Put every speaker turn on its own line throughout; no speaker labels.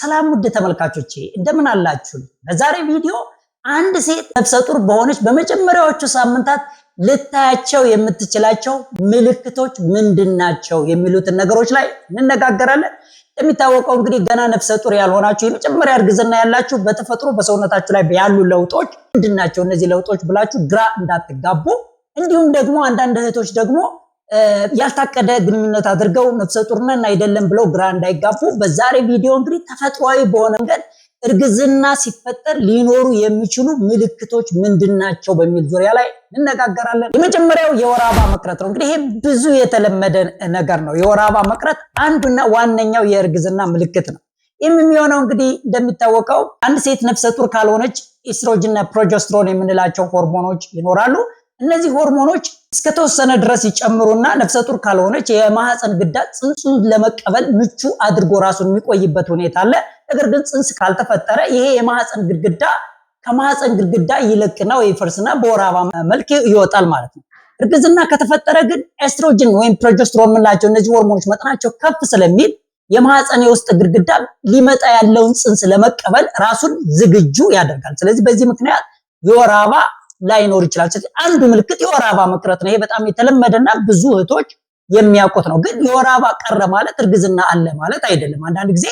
ሰላም ውድ ተመልካቾቼ እንደምን አላችሁ? በዛሬ ቪዲዮ አንድ ሴት ነፍሰ ጡር በሆነች በመጀመሪያዎቹ ሳምንታት ልታያቸው የምትችላቸው ምልክቶች ምንድን ናቸው የሚሉትን ነገሮች ላይ እንነጋገራለን። እንደሚታወቀው እንግዲህ ገና ነፍሰ ጡር ያልሆናችሁ የመጀመሪያ እርግዝና ያላችሁ በተፈጥሮ በሰውነታችሁ ላይ ያሉ ለውጦች ምንድን ናቸው እነዚህ ለውጦች ብላችሁ ግራ እንዳትጋቡ፣ እንዲሁም ደግሞ አንዳንድ እህቶች ደግሞ ያልታቀደ ግንኙነት አድርገው ነፍሰ ጡርነን አይደለም ብለው ግራ እንዳይጋፉ በዛሬ ቪዲዮ እንግዲህ ተፈጥሯዊ በሆነ መንገድ እርግዝና ሲፈጠር ሊኖሩ የሚችሉ ምልክቶች ምንድን ናቸው በሚል ዙሪያ ላይ እንነጋገራለን። የመጀመሪያው የወር አበባ መቅረት ነው። እንግዲህ ይሄ ብዙ የተለመደ ነገር ነው። የወር አበባ መቅረት አንዱና ዋነኛው የእርግዝና ምልክት ነው። ይህም የሚሆነው እንግዲህ እንደሚታወቀው አንድ ሴት ነፍሰ ጡር ካልሆነች ኤስትሮጅንና ፕሮጀስትሮን የምንላቸው ሆርሞኖች ይኖራሉ። እነዚህ ሆርሞኖች እስከተወሰነ ድረስ ይጨምሩና ነፍሰ ጡር ካልሆነች የማህፀን ግዳ ጽንሱን ለመቀበል ምቹ አድርጎ ራሱን የሚቆይበት ሁኔታ አለ። ነገር ግን ጽንስ ካልተፈጠረ ይሄ የማህፀን ግድግዳ ከማህፀን ግድግዳ ይለቅና ወይ ፈርስና በወር አበባ መልክ ይወጣል ማለት ነው። እርግዝና ከተፈጠረ ግን ኤስትሮጅን ወይም ፕሮጀስትሮ የምንላቸው እነዚህ ሆርሞኖች መጠናቸው ከፍ ስለሚል የማህፀን የውስጥ ግድግዳ ሊመጣ ያለውን ጽንስ ለመቀበል ራሱን ዝግጁ ያደርጋል። ስለዚህ በዚህ ምክንያት የወር አበባ ላይኖር ይችላል። ስለዚህ አንዱ ምልክት የወር አበባ መቅረት ነው። ይሄ በጣም የተለመደና ብዙ እህቶች የሚያውቁት ነው። ግን የወር አበባ ቀረ ማለት እርግዝና አለ ማለት አይደለም። አንዳንድ ጊዜ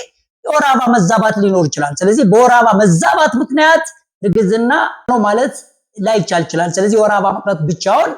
የወር አበባ መዛባት ሊኖር ይችላል። ስለዚህ በወር አበባ መዛባት ምክንያት እርግዝና ነው ማለት ላይቻል ይችላል። ስለዚህ የወር አበባ መቅረት ብቻውን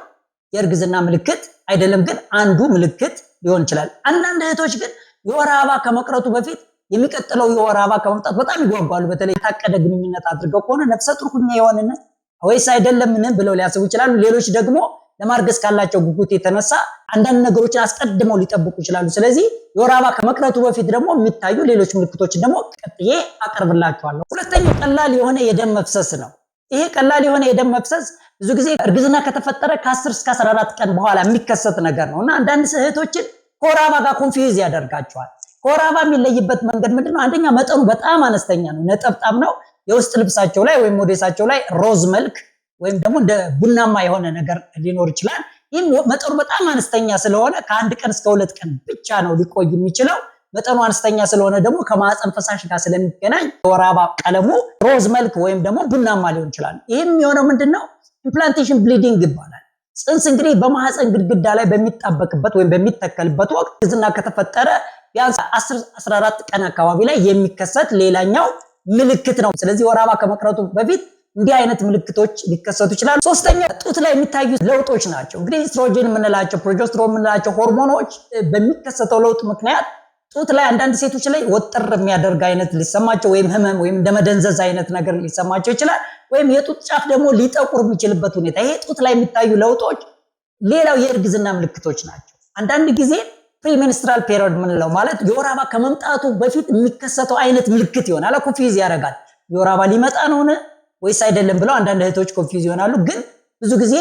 የእርግዝና ምልክት አይደለም፣ ግን አንዱ ምልክት ሊሆን ይችላል። አንዳንድ እህቶች ግን የወር አበባ ከመቅረቱ በፊት የሚቀጥለው የወር አበባ ከመምጣት በጣም ይጓጓሉ። በተለይ የታቀደ ግንኙነት አድርገው ከሆነ ነፍሰ ጡር ሁኜ የሆነነት ወይስ አይደለምን ብለው ሊያስቡ ይችላሉ። ሌሎች ደግሞ ለማርገዝ ካላቸው ጉጉት የተነሳ አንዳንድ ነገሮችን አስቀድመው ሊጠብቁ ይችላሉ። ስለዚህ የወር አበባ ከመቅረቱ በፊት ደግሞ የሚታዩ ሌሎች ምልክቶችን ደግሞ ቀጥዬ አቀርብላቸዋለሁ። ሁለተኛው ቀላል የሆነ የደም መፍሰስ ነው። ይሄ ቀላል የሆነ የደም መፍሰስ ብዙ ጊዜ እርግዝና ከተፈጠረ ከ10 እስከ 14 ቀን በኋላ የሚከሰት ነገር ነው እና አንዳንድ እህቶችን ከወር አበባ ጋር ኮንፊውዝ ያደርጋቸዋል። ከወር አበባ የሚለይበት መንገድ ምንድነው? ነው? አንደኛ መጠኑ በጣም አነስተኛ ነው፣ ነጠብጣብ ነው። የውስጥ ልብሳቸው ላይ ወይም ወደሳቸው ላይ ሮዝ መልክ ወይም ደግሞ እንደ ቡናማ የሆነ ነገር ሊኖር ይችላል። ይህም መጠኑ በጣም አነስተኛ ስለሆነ ከአንድ ቀን እስከ ሁለት ቀን ብቻ ነው ሊቆይ የሚችለው። መጠኑ አነስተኛ ስለሆነ ደግሞ ከማህፀን ፈሳሽ ጋር ስለሚገናኝ የወር አበባ ቀለሙ ሮዝ መልክ ወይም ደግሞ ቡናማ ሊሆን ይችላል። ይህም የሆነው ምንድን ነው? ኢምፕላንቴሽን ብሊዲንግ ይባላል። ጽንስ እንግዲህ በማህፀን ግድግዳ ላይ በሚጣበቅበት ወይም በሚተከልበት ወቅት እርግዝና ከተፈጠረ ቢያንስ 14 ቀን አካባቢ ላይ የሚከሰት ሌላኛው ምልክት ነው። ስለዚህ ወር አበባ ከመቅረቱ በፊት እንዲህ አይነት ምልክቶች ሊከሰቱ ይችላሉ። ሶስተኛ ጡት ላይ የሚታዩ ለውጦች ናቸው። እንግዲህ ኢስትሮጅን የምንላቸው ፕሮጀስትሮን የምንላቸው ሆርሞኖች በሚከሰተው ለውጥ ምክንያት ጡት ላይ አንዳንድ ሴቶች ላይ ወጠር የሚያደርግ አይነት ሊሰማቸው ወይም ህመም ወይም እንደመደንዘዝ አይነት ነገር ሊሰማቸው ይችላል። ወይም የጡት ጫፍ ደግሞ ሊጠቁር የሚችልበት ሁኔታ። ይሄ ጡት ላይ የሚታዩ ለውጦች ሌላው የእርግዝና ምልክቶች ናቸው። አንዳንድ ጊዜ ፕሪሚኒስትራል ፔሪዮድ ምንለው ማለት የወር አበባ ከመምጣቱ በፊት የሚከሰተው አይነት ምልክት ይሆናል። ኮንፊዝ ያደርጋል። የወር አበባ ሊመጣ ነውን ወይስ አይደለም ብለው አንዳንድ እህቶች ኮንፊዝ ይሆናሉ። ግን ብዙ ጊዜ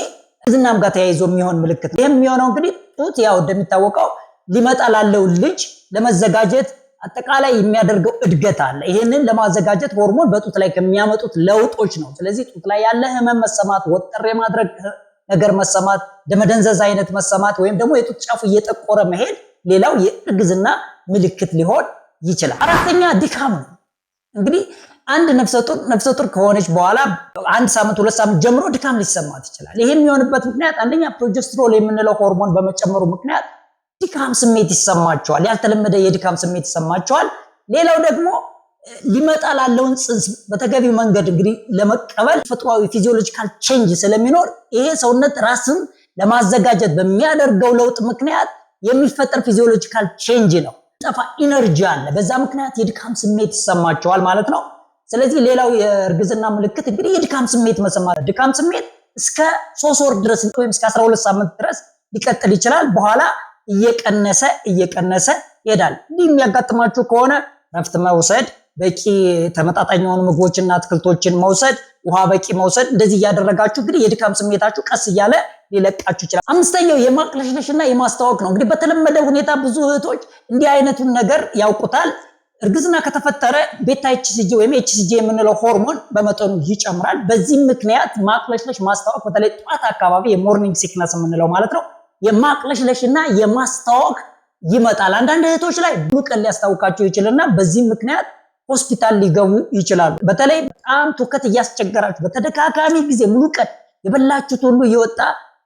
ዝናም ጋር ተያይዞ የሚሆን ምልክት ነው። ይህም የሚሆነው እንግዲህ ጡት ያው እንደሚታወቀው ሊመጣ ላለው ልጅ ለመዘጋጀት አጠቃላይ የሚያደርገው እድገት አለ። ይህንን ለማዘጋጀት ሆርሞን በጡት ላይ ከሚያመጡት ለውጦች ነው። ስለዚህ ጡት ላይ ያለ ህመም መሰማት፣ ወጠር የማድረግ ነገር መሰማት፣ ደመደንዘዝ አይነት መሰማት ወይም ደግሞ የጡት ጫፉ እየጠቆረ መሄድ ሌላው የእርግዝና ምልክት ሊሆን ይችላል። አራተኛ ድካም ነው። እንግዲህ አንድ ነፍሰ ጡር ከሆነች በኋላ አንድ ሳምንት ሁለት ሳምንት ጀምሮ ድካም ሊሰማት ይችላል። ይሄ የሚሆንበት ምክንያት አንደኛ ፕሮጀስትሮል የምንለው ሆርሞን በመጨመሩ ምክንያት ድካም ስሜት ይሰማቸዋል። ያልተለመደ የድካም ስሜት ይሰማቸዋል። ሌላው ደግሞ ሊመጣ ላለውን በተገቢ መንገድ እንግዲህ ለመቀበል ተፈጥሯዊ ፊዚዮሎጂካል ቼንጅ ስለሚኖር ይሄ ሰውነት ራስን ለማዘጋጀት በሚያደርገው ለውጥ ምክንያት የሚፈጠር ፊዚዮሎጂካል ቼንጅ ነው። ጠፋ ኢነርጂ አለ። በዛ ምክንያት የድካም ስሜት ይሰማቸዋል ማለት ነው። ስለዚህ ሌላው የእርግዝና ምልክት እንግዲህ የድካም ስሜት መሰማት፣ ድካም ስሜት እስከ ሶስት ወር ድረስ ወይም እስከ 12 ሳምንት ድረስ ሊቀጥል ይችላል። በኋላ እየቀነሰ እየቀነሰ ይሄዳል። እንዲህ የሚያጋጥማችሁ ከሆነ ረፍት መውሰድ በቂ ተመጣጣኝ የሆኑ ምግቦችና አትክልቶችን መውሰድ፣ ውሃ በቂ መውሰድ። እንደዚህ እያደረጋችሁ እንግዲህ የድካም ስሜታችሁ ቀስ እያለ ሊለቃችሁ ይችላል። አምስተኛው የማቅለሽለሽና የማስታወክ ነው። እንግዲህ በተለመደ ሁኔታ ብዙ እህቶች እንዲህ አይነቱን ነገር ያውቁታል። እርግዝና ከተፈጠረ ቤታ ኤችሲጂ ወይም ኤችሲጂ የምንለው ሆርሞን በመጠኑ ይጨምራል። በዚህም ምክንያት ማቅለሽለሽ፣ ማስታወክ በተለይ ጠዋት አካባቢ የሞርኒንግ ሲክነስ የምንለው ማለት ነው የማቅለሽለሽና የማስታወክ ይመጣል። አንዳንድ እህቶች ላይ ብሉ ቀን ሊያስታውቃቸው ይችልና በዚህ ምክንያት ሆስፒታል ሊገቡ ይችላሉ። በተለይ በጣም ትውከት እያስቸገራችሁ በተደጋጋሚ ጊዜ ሙሉ ቀን የበላችሁት ሁሉ እየወጣ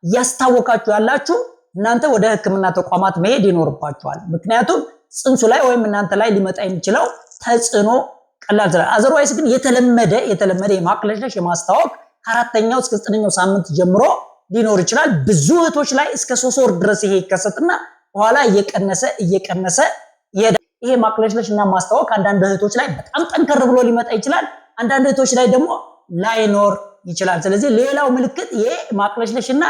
እያስታወካችሁ ያላችሁ እናንተ ወደ ሕክምና ተቋማት መሄድ ይኖርባችኋል። ምክንያቱም ጽንሱ ላይ ወይም እናንተ ላይ ሊመጣ የሚችለው ተጽዕኖ ቀላል ስላል። አዘርዋይስ ግን የተለመደ የተለመደ የማቅለሽለሽ የማስታወቅ ከአራተኛው እስከ ዘጠነኛው ሳምንት ጀምሮ ሊኖር ይችላል። ብዙ እህቶች ላይ እስከ ሶስት ወር ድረስ ይሄ ይከሰትና በኋላ እየቀነሰ እየቀነሰ ይሄ ማቅለሽለሽ እና ማስታወቅ አንዳንድ እህቶች ላይ በጣም ጠንከር ብሎ ሊመጣ ይችላል። አንዳንድ እህቶች ላይ ደግሞ ላይኖር ይችላል። ስለዚህ ሌላው ምልክት ይሄ ማቅለሽለሽ እና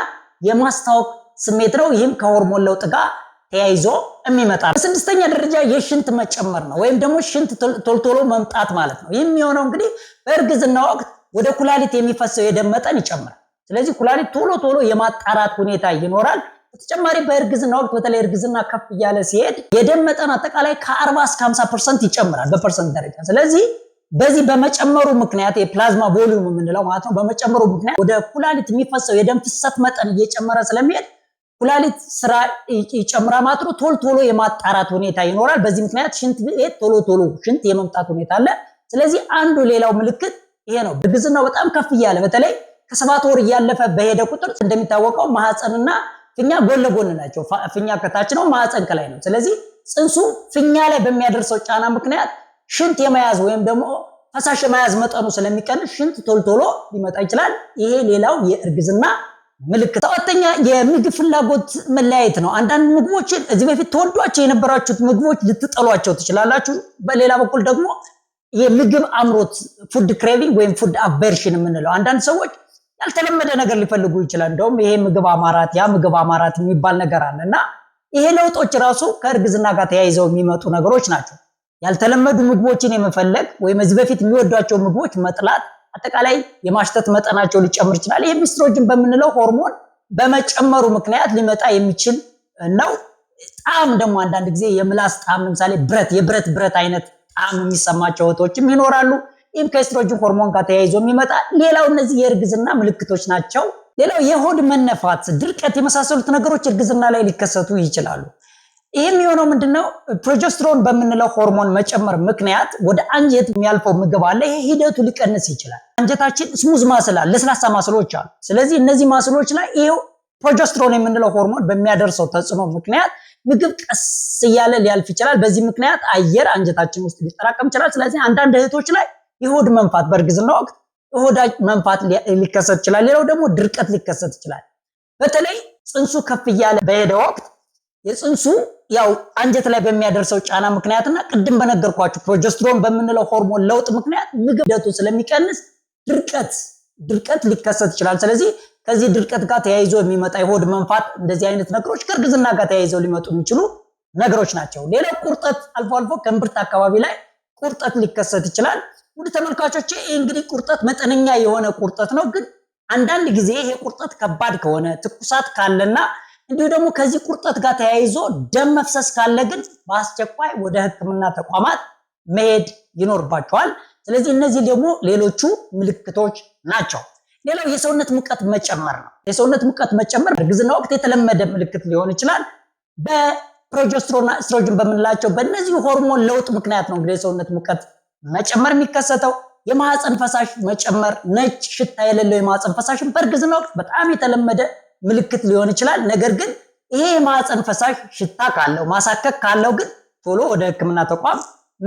ስሜት ነው። ይህም ከሆርሞን ለውጥ ጋር ተያይዞ የሚመጣ ነው። በስድስተኛ ደረጃ የሽንት መጨመር ነው ወይም ደግሞ ሽንት ቶልቶሎ መምጣት ማለት ነው። ይህም የሆነው እንግዲህ በእርግዝና ወቅት ወደ ኩላሊት የሚፈሰው የደም መጠን ይጨምራል። ስለዚህ ኩላሊት ቶሎ ቶሎ የማጣራት ሁኔታ ይኖራል። በተጨማሪ በእርግዝና ወቅት በተለይ እርግዝና ከፍ እያለ ሲሄድ የደም መጠን አጠቃላይ ከ40 እስከ 50 ፐርሰንት ይጨምራል በፐርሰንት ደረጃ። ስለዚህ በዚህ በመጨመሩ ምክንያት የፕላዝማ ቮሊዩም የምንለው ማለት ነው። በመጨመሩ ምክንያት ወደ ኩላሊት የሚፈሰው የደም ፍሰት መጠን እየጨመረ ስለሚሄድ ኩላሊት ስራ ይጨምራ ማለት ቶሎ ቶሎ የማጣራት ሁኔታ ይኖራል። በዚህ ምክንያት ሽንት ቤት ቶሎ ቶሎ ሽንት የመምጣት ሁኔታ አለ። ስለዚህ አንዱ ሌላው ምልክት ይሄ ነው። እርግዝናው በጣም ከፍ እያለ በተለይ ከሰባት ወር እያለፈ በሄደ ቁጥር እንደሚታወቀው ማህፀንና ፊኛ ጎን ለጎን ናቸው። ፊኛ ከታች ነው፣ ማዕፀን ከላይ ነው። ስለዚህ ፅንሱ ፊኛ ላይ በሚያደርሰው ጫና ምክንያት ሽንት የመያዝ ወይም ደግሞ ፈሳሽ የመያዝ መጠኑ ስለሚቀንስ ሽንት ቶልቶሎ ሊመጣ ይችላል። ይሄ ሌላው የእርግዝና ምልክት። ሰባተኛ የምግብ ፍላጎት መለያየት ነው። አንዳንድ ምግቦችን እዚህ በፊት ተወዷቸው የነበራችሁት ምግቦች ልትጠሏቸው ትችላላችሁ። በሌላ በኩል ደግሞ የምግብ አምሮት ፉድ ክሬቪንግ ወይም ፉድ አቨርሽን የምንለው አንዳንድ ሰዎች ያልተለመደ ነገር ሊፈልጉ ይችላል። እንደውም ይሄ ምግብ አማራት፣ ያ ምግብ አማራት የሚባል ነገር አለ እና ይሄ ለውጦች ራሱ ከእርግዝና ጋር ተያይዘው የሚመጡ ነገሮች ናቸው። ያልተለመዱ ምግቦችን የመፈለግ ወይም እዚህ በፊት የሚወዷቸው ምግቦች መጥላት፣ አጠቃላይ የማሽተት መጠናቸው ሊጨምር ይችላል። ይህም ሚስትሮጅን በምንለው ሆርሞን በመጨመሩ ምክንያት ሊመጣ የሚችል ነው። ጣዕም ደግሞ አንዳንድ ጊዜ የምላስ ጣዕም ለምሳሌ ብረት የብረት ብረት አይነት ጣዕም የሚሰማቸው እህቶችም ይኖራሉ። ይህም ከኤስትሮጅን ሆርሞን ጋር ተያይዞ የሚመጣ ሌላው እነዚህ የእርግዝና ምልክቶች ናቸው። ሌላው የሆድ መነፋት፣ ድርቀት የመሳሰሉት ነገሮች እርግዝና ላይ ሊከሰቱ ይችላሉ። ይህም የሆነው ምንድነው? ፕሮጀስትሮን በምንለው ሆርሞን መጨመር ምክንያት ወደ አንጀት የሚያልፈው ምግብ አለ። ይህ ሂደቱ ሊቀንስ ይችላል። አንጀታችን ስሙዝ ማስል አለ፣ ለስላሳ ማስሎች አሉ። ስለዚህ እነዚህ ማስሎች ላይ ይሄው ፕሮጀስትሮን የምንለው ሆርሞን በሚያደርሰው ተጽዕኖ ምክንያት ምግብ ቀስ እያለ ሊያልፍ ይችላል። በዚህ ምክንያት አየር አንጀታችን ውስጥ ሊጠራቀም ይችላል። ስለዚህ አንዳንድ እህቶች ላይ የሆድ መንፋት በእርግዝና ወቅት የሆድ መንፋት ሊከሰት ይችላል። ሌላው ደግሞ ድርቀት ሊከሰት ይችላል። በተለይ ጽንሱ ከፍ እያለ በሄደ ወቅት የጽንሱ ያው አንጀት ላይ በሚያደርሰው ጫና ምክንያትና ቅድም በነገርኳችሁ ፕሮጀስትሮን በምንለው ሆርሞን ለውጥ ምክንያት ምግብ ስለሚቀንስ ድርቀት ድርቀት ሊከሰት ይችላል። ስለዚህ ከዚህ ድርቀት ጋር ተያይዞ የሚመጣ የሆድ መንፋት፣ እንደዚህ አይነት ነገሮች ከእርግዝና ጋር ተያይዘው ሊመጡ የሚችሉ ነገሮች ናቸው። ሌላው ቁርጠት፣ አልፎ አልፎ ከእምብርት አካባቢ ላይ ቁርጠት ሊከሰት ይችላል። ውድ ተመልካቾች እንግዲህ ቁርጠት መጠነኛ የሆነ ቁርጠት ነው። ግን አንዳንድ ጊዜ ይሄ ቁርጠት ከባድ ከሆነ ትኩሳት ካለና እንዲሁ ደግሞ ከዚህ ቁርጠት ጋር ተያይዞ ደም መፍሰስ ካለ ግን በአስቸኳይ ወደ ሕክምና ተቋማት መሄድ ይኖርባቸዋል። ስለዚህ እነዚህ ደግሞ ሌሎቹ ምልክቶች ናቸው። ሌላው የሰውነት ሙቀት መጨመር ነው። የሰውነት ሙቀት መጨመር እርግዝና ወቅት የተለመደ ምልክት ሊሆን ይችላል። በፕሮጀስትሮና ስትሮጅን በምንላቸው በእነዚህ ሆርሞን ለውጥ ምክንያት ነው እንግዲህ የሰውነት ሙቀት መጨመር የሚከሰተው የማህፀን ፈሳሽ መጨመር፣ ነጭ ሽታ የሌለው የማህፀን ፈሳሽን በእርግዝና ወቅት በጣም የተለመደ ምልክት ሊሆን ይችላል። ነገር ግን ይሄ የማህፀን ፈሳሽ ሽታ ካለው ማሳከክ ካለው ግን ቶሎ ወደ ሕክምና ተቋም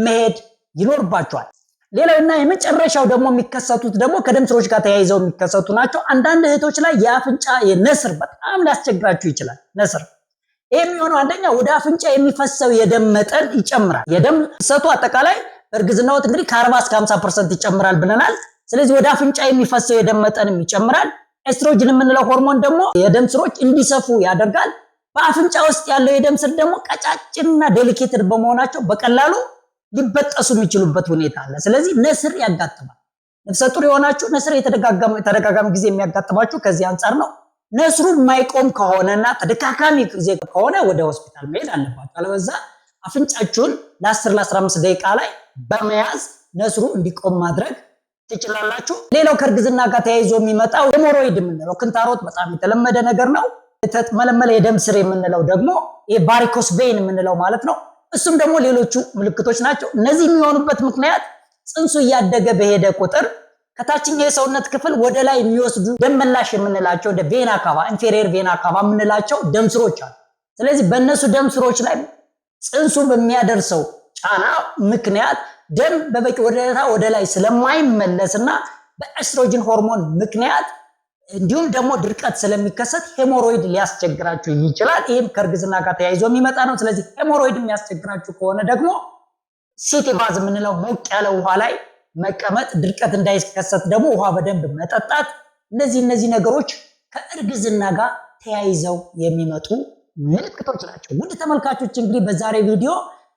መሄድ ይኖርባቸዋል። ሌላውና የመጨረሻው ደግሞ የሚከሰቱት ደግሞ ከደም ስሮች ጋር ተያይዘው የሚከሰቱ ናቸው። አንዳንድ እህቶች ላይ የአፍንጫ የነስር በጣም ሊያስቸግራችሁ ይችላል። ነስር ይህ የሚሆነው አንደኛ ወደ አፍንጫ የሚፈሰው የደም መጠን ይጨምራል። የደም ፍሰቱ አጠቃላይ እርግዝናዎት እንግዲህ ከ40 እስከ 50 ፐርሰንት ይጨምራል ብለናል። ስለዚህ ወደ አፍንጫ የሚፈሰው የደም መጠንም ይጨምራል። ኤስትሮጅን የምንለው ሆርሞን ደግሞ የደም ስሮች እንዲሰፉ ያደርጋል። በአፍንጫ ውስጥ ያለው የደም ስር ደግሞ ቀጫጭንና ዴሊኬትድ በመሆናቸው በቀላሉ ሊበጠሱ የሚችሉበት ሁኔታ አለ። ስለዚህ ንስር ያጋጥማል። ነፍሰ ጡር የሆናችሁ ንስር የተደጋጋሚ ጊዜ የሚያጋጥማችሁ ከዚህ አንጻር ነው። ነስሩ የማይቆም ከሆነና ተደጋጋሚ ጊዜ ከሆነ ወደ ሆስፒታል መሄድ አለባችሁ። አለበዛ አፍንጫችሁን ለ10 ለ15 ደቂቃ ላይ በመያዝ ነስሩ እንዲቆም ማድረግ ትችላላችሁ። ሌላው ከእርግዝና ጋር ተያይዞ የሚመጣው ሄሞሮይድ የምንለው ክንታሮት በጣም የተለመደ ነገር ነው። የተመለመለ የደም ስር የምንለው ደግሞ የባሪኮስ ቬን የምንለው ማለት ነው። እሱም ደግሞ ሌሎቹ ምልክቶች ናቸው። እነዚህ የሚሆኑበት ምክንያት ጽንሱ እያደገ በሄደ ቁጥር ከታችኛው የሰውነት ክፍል ወደ ላይ የሚወስዱ ደም መላሽ የምንላቸው ቬና ካቫ፣ ኢንፌሪየር ቬና ካቫ የምንላቸው ደም ስሮች አሉ። ስለዚህ በእነሱ ደም ስሮች ላይ ጽንሱን በሚያደርሰው ጫና ምክንያት ደም በበቂ ወደታ ወደ ላይ ስለማይመለስና በኤስትሮጅን ሆርሞን ምክንያት እንዲሁም ደግሞ ድርቀት ስለሚከሰት ሄሞሮይድ ሊያስቸግራችሁ ይችላል። ይህም ከእርግዝና ጋር ተያይዞ የሚመጣ ነው። ስለዚህ ሄሞሮይድ የሚያስቸግራችሁ ከሆነ ደግሞ ሲቲ ባዝ የምንለው ሞቅ ያለ ውሃ ላይ መቀመጥ፣ ድርቀት እንዳይከሰት ደግሞ ውሃ በደንብ መጠጣት፣ እነዚህ እነዚህ ነገሮች ከእርግዝና ጋር ተያይዘው የሚመጡ ምልክቶች ናቸው። ውድ ተመልካቾች እንግዲህ በዛሬ ቪዲዮ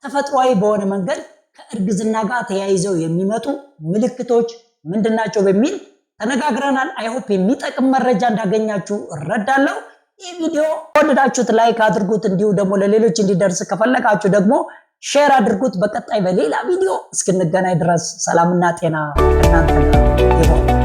ተፈጥሯዊ በሆነ መንገድ ከእርግዝና ጋር ተያይዘው የሚመጡ ምልክቶች ምንድን ናቸው በሚል ተነጋግረናል። አይሆፕ የሚጠቅም መረጃ እንዳገኛችሁ እረዳለሁ። ይህ ቪዲዮ ወደዳችሁት ላይክ አድርጉት፣ እንዲሁ ደግሞ ለሌሎች እንዲደርስ ከፈለጋችሁ ደግሞ ሼር አድርጉት። በቀጣይ በሌላ ቪዲዮ እስክንገናኝ ድረስ ሰላምና ጤና እናንተ